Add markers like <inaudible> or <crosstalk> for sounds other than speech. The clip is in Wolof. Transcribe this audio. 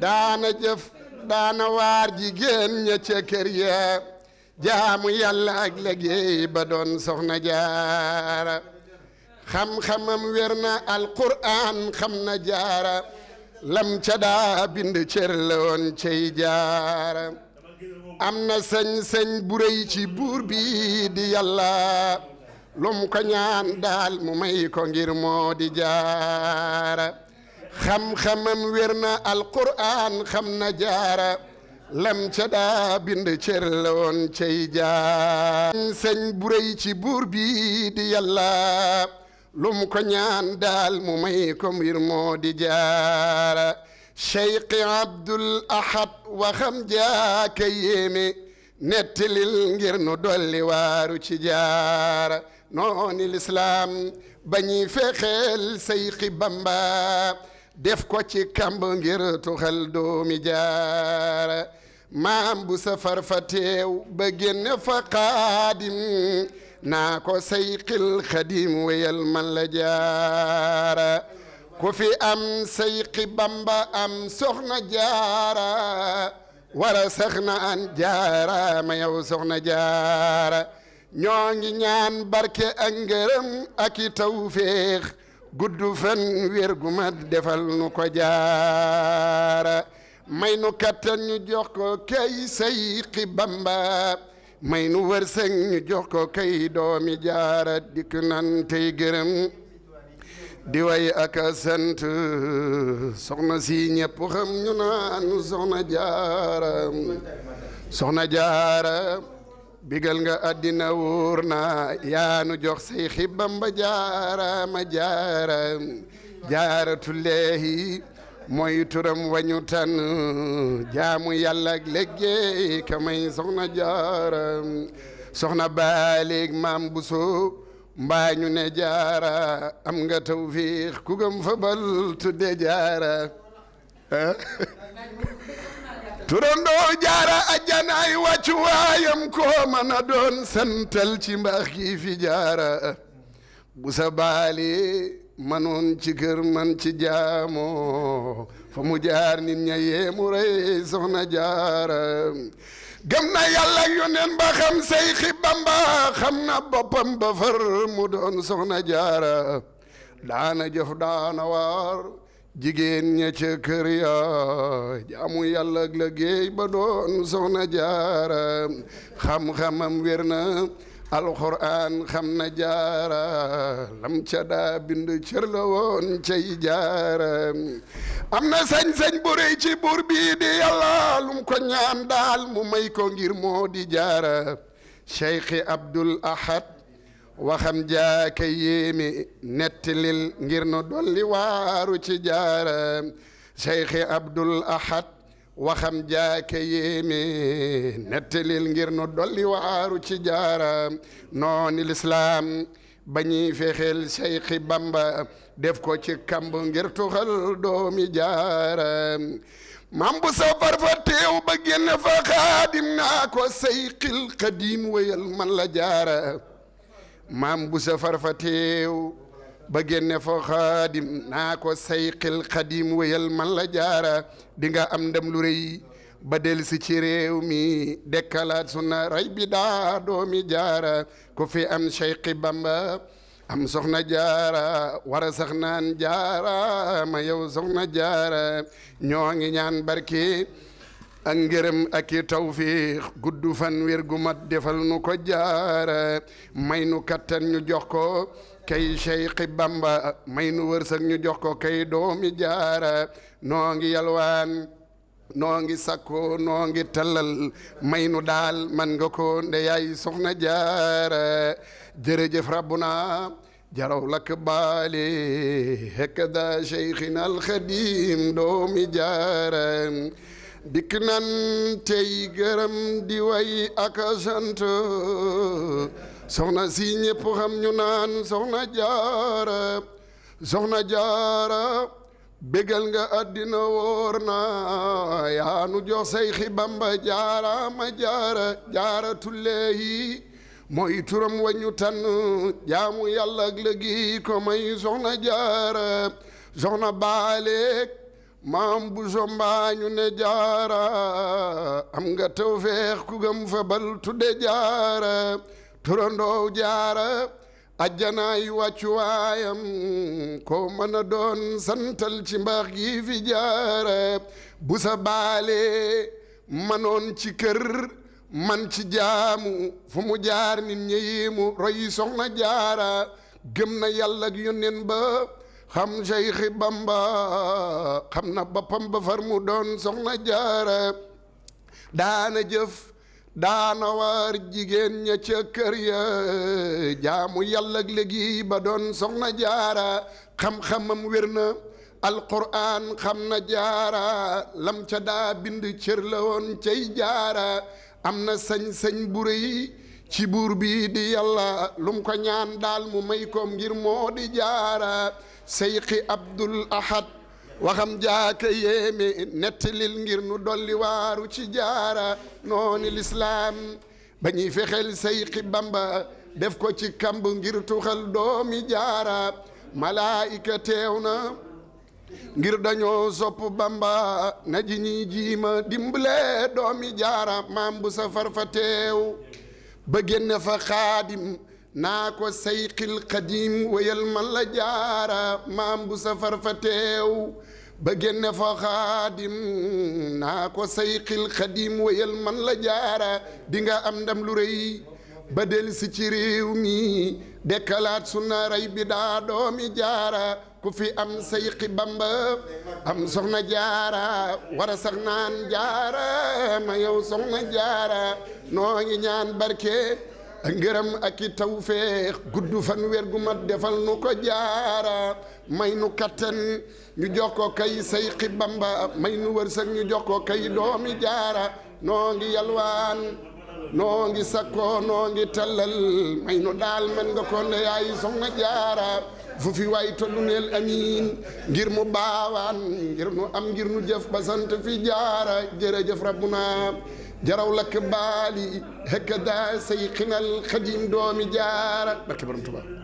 daana jëf daana waar ji ña ca kër ya jaamu yàlla ak liggéey ba doon soxna jaara xam-xamam wér na alquran xam na jaara lam ca bind cër la woon cay jaara am na sañ-sañ bu rëy ci buur bi di yàlla lum ko ñaan daal mu may ko ngir moo di jaara xam-xamam wér na alquran xam na jaara lam ca daa bind cër la woon cay jaar sëñ bu rëy ci buur bi di yàlla lum ko ñaan daal mu may ko mbir moo di jaara cheikh abdul ahad waxam jaaka yéeme nettilil ngir nu dolli waaru ci jaara nooni lislaam bañuy fexeel seyxi bamba def ko ci kamb ngir tuxal doomi jaara maam bu safar fa teew ba génne fa xaadim naa ko say xil xadim wéyal man la jaara ku fi am say xi bamba am soxna jaara wara sax na an jaara ma soxna jaara ñoo ngi ñaan barke ak ngërëm ak gudd fan wér gu mat defal nu ko jaara may nu kattan ñu jox ko kay sayxi bamba may nu wërsëg ñu jox ko kay doomi jaara dikk nan tey gërëm di way ak sant soxna si ñëpp xam ñu naan soxna jaara soxna jaara bigal nga àddina wóor na yaanu jox say xibam ba jaaraama jaaram jaaratuleehi mooy turam wañu tan jaamu yàlla ak léggéey kamay soxna jaaram soxna baaleeg maam buso mbaa ne jaara am nga tawfiix ku gëm fa tudde jaara ah. <laughs> turandoo jaara ajjanaay wàccu waayam koo mën doon santal ci mbaax gi jaara bu sa baali manoon ci kër man ci jaamoo fa mu jaar nit ña yeemu rey soxna jaara gëm na yàlla yónneen ba xam say xibamba xam na boppam ba far mu doon soxna jaara daana jëf daana waar jigéen ña ca kër ya jaamu yàlla ak liggéey ba doon soxna jaara xam-xamam wér na alxuraan xam na jaara lam ca daa bind cër la woon cay jaara am na sañ-sañ bu ci buur bii di yàlla lum ko ñaan daal mu may ko ngir moo di jaara cheikhi abdul ahad waxam jaaka yéemi nettilil ngir nu dolli waaru ci jaaram Cheikh Abdul Ahad waxam jaaka yéemi nettilil ngir nu dolli waaru ci jaaram nooni lislaam ba ñuy fexeel Bamba def ko ci kamb ngir tuxal doomi jaaram mam safar fa teew ba génn fa xaadim naa ko Seyxil Xadiim wéyal man la jaara maam bu safar fa ba génne foo xaadim naa ko sayqil xadim wéyal man la jaara dinga am ndam lu rëy ba del si ci réew mi dekkalaat sunna rey bi daa doomi jaara ku fi am seyqi bamba am soxna jaara war a sax naan jaara ma yow soxna jaara ñoo ngi ñaan barke ak ngërëm ak i tawfiix gudd fan wér gu mat defal nu ko jaara may nu kattan ñu jox ko kay Cheikh Bamba may nu wërsëg ñu jox ko kay doomi jaara noo ngi yalwaan noo ngi sakko noo ngi tallal may nu daal man nga ko ndeyaay soxna jaara jërëjëf rabbuna jaraw lak baali hakada cheikhina alxadim doomi jaara dikk nan tey gërëm di way ak sant soxna si ñëpp xam ñu naan soxna jaara soxna jaara bégal nga àddina wóor na yaa nu jox say xibamba jaara ma jaara jaara tulleeyi mooy turam wa ñu jaamu yàlla ak ko may soxna jaara soxna baaleek maam bu sombaañu ne jaara am nga taw feex ku gëm fa bal tudde jaara turandoow jaara ajjanaay wàccuwaayam koo mën a doon santal ci mbaax gi fi jaara bu sa manoon ci kër man ci jaamu fu mu jaar nit ñi mu royi soxna jaara gëm na yàlla ak ba xam Cheikh Bamba xam na boppam bafar mu doon soxna jaara daana jëf daana waar jigéen ña ca kër ya jaamu yàlla léegi ba doon soxna jaara xam-xamam wér na alquran xam na jaara lam ca daa bind cër la woon cay jaara am na sañ-sañ bu rëy ci buur bii di yàlla lum ko ñaan daal mu may ko ngir moo di jaara seyxi abdul ahad waxam jaaka yéeme nettilil ngir nu dolli waaru ci jaara nooni lislaam ba ñuy fexel bamba def ko ci kamb ngir tuxal doomi jaara malaayika teew na ngir dañoo sopp bamba na ji ñuy jiima dimbale doomi jaara maam bu safar fa teew ba génn fa xaadim naa ko sayqil xadim wéyal man la jaara maam bu safar fa teew ba génn fa xaadim naa ko sayqil xadim wéyal man la jaara dinga am ndam lu rëy ba delsi ci réew mi dekkalaat sunna rey bi daa doomi jaara ku fi am sayqi bamba am soxna jaara war a naan jaara ma yow soxna jaara noo ngi ñaan barke ak ngërëm ak i tawféex gudd fan wér gu mat defal nu ko jaara may nu kattan ñu jox ko kay sayqi bamba may nu wërsëg ñu jox ko kay doomi jaara noo ngi yalwaan noo ngi sakkoo noo ngi tallal may nu daal man nga ko ne yaay soxna jaara fu fi waay tollu amiin ngir mu baawaan ngir nu am ngir nu jëf ba sant fi jaara jërëjëf rabbuna jaraw lakk baali hëkkadaa say xinal xadim doomi jaara